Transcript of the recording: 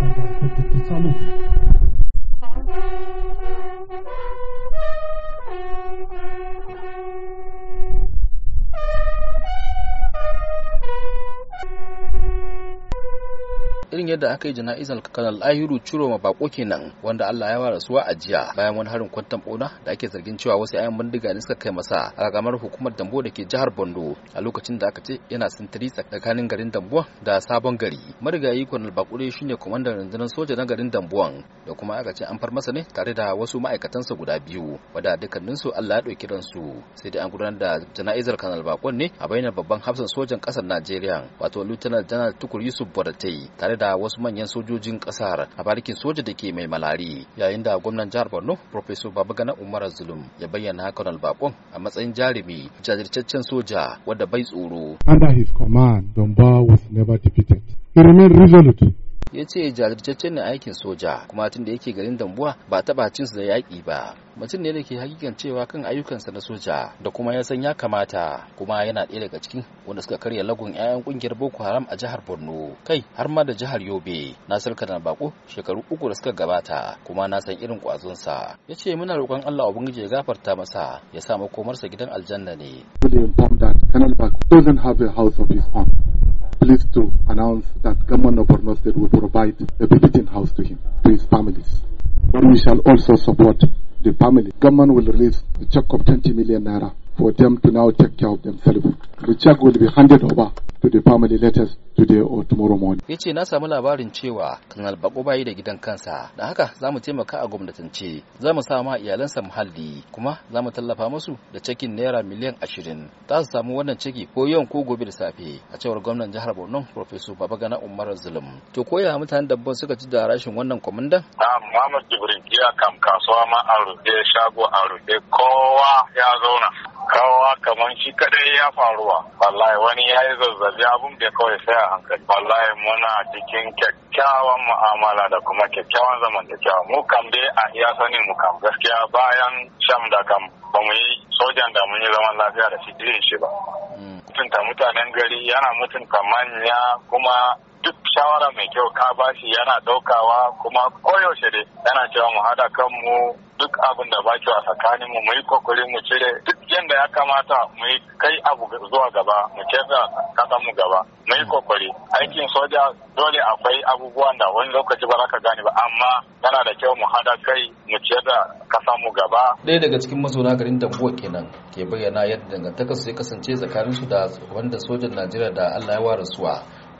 al respecto irin yadda aka yi jana'izar kanal ahiru ciro ma bako kenan wanda Allah ya wara suwa a jiya bayan wani harin kwantan bona da ake zargin cewa wasu 'ya'yan bindiga ne suka kai masa a gamar hukumar dambo da ke jihar Bondo a lokacin da aka ce yana sintiri tsakanin garin Dambo da sabon gari marigayi kanal bakure shine kwamandan rundunar soja na garin Dambo da kuma aka ce an far masa ne tare da wasu ma'aikatansa guda biyu wanda su Allah ya ɗauki ransu sai dai an gudanar da jana'izar kanal bakon ne a bainar babban hafsan sojan kasar Najeriya wato Lieutenant General Tukur Yusuf Boratai tare da da wasu manyan sojojin kasar a barikin soja da ke mai malari yayin da gwamnan jihar borno professor babagana umar zulum ya bayyana hakan bakon a matsayin jarumi jajirtaccen soja wadda bai tsoro under his command dunbar was never defeated he remained resolute ya ce jajirtaccen ne aikin soja kuma tun da yake garin dambuwa ba cin su da yaƙi ba mutum ne da ke hakikan cewa kan ayyukansa na soja da kuma ya san ya kamata kuma yana ɗaya daga cikin wanda suka karya lagun 'ya'yan ƙungiyar boko haram a jihar borno kai har ma da jihar yobe Na sarka da bako shekaru uku da suka gabata kuma na san irin ƙwazonsa ya ce muna roƙon allah ubangiji ya gafarta masa ya sa makomarsa gidan aljanna ne. pleased to announce that Government of Borno State will provide a visiting house to him, to his families. But we shall also support the family. Government will release a check of 20 million naira for them to now take care of themselves. The check will be handed over to the family letters today or tomorrow morning. Ya ce na samu labarin cewa kanal bako bayi da gidan kansa, da haka za mu taimaka a gwamnatance, za mu sama iyalansa muhalli, kuma za mu tallafa musu da cekin naira miliyan ashirin. Za su samu wannan ciki, ko yau ko gobe da safe, a cewar gwamnan jihar Borno Professor Gana Umar Zulum. To koya mutanen dabban suka ci da rashin wannan kwamandan? Na Muhammad jibrin jiya kam kasuwa ma a rufe shago a rufe kowa ya zauna. kawowa kamar shi kadai ya faruwa wallahi wani ya yi zazzabi abun da kawai sai a hankali wallahi muna cikin kyakkyawan mu'amala da kuma kyakkyawan zamantakewa mu kam a iya sanin mu kam gaskiya bayan sham da kam ba mu yi sojan da mun yi zaman lafiya da shi irin shi ba mm. mutunta mutanen gari yana mutunta manya kuma duk shawara mai kyau ka bashi yana daukawa kuma koyaushe dai yana cewa mu hada kanmu duk abin da baki a tsakanin mu yi kokari mu cire duk yadda ya kamata mu yi kai abu zuwa gaba mu kefa kasa mu gaba mu yi kokari aikin soja dole akwai abubuwan da wani lokaci ba za ka gane ba amma yana da kyau mu hada kai mu ciyar da kasa mu gaba ɗaya daga cikin mazauna garin dambuwa kenan ke bayyana yadda dangantakar su ya kasance tsakanin su da wanda sojan najeriya da allah ya wa rasuwa